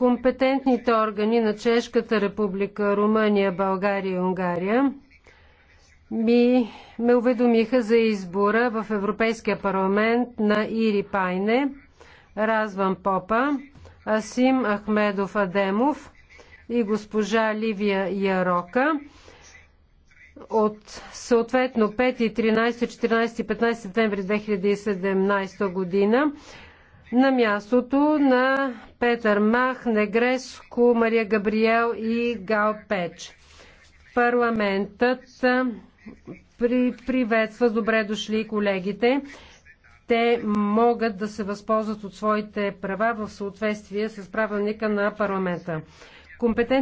компетентните органи на Чешката република, Румъния, България и Унгария ми, ме уведомиха за избора в Европейския парламент на Ири Пайне, Разван Попа, Асим Ахмедов Адемов и госпожа Ливия Ярока от съответно 5, 13, 14 и 15 септември 2017 година на мястото на Петър Мах, Негреско, Мария Габриел и Гал Печ. Парламентът при, приветства с добре дошли колегите. Те могат да се възползват от своите права в съответствие с правилника на парламента. Компетент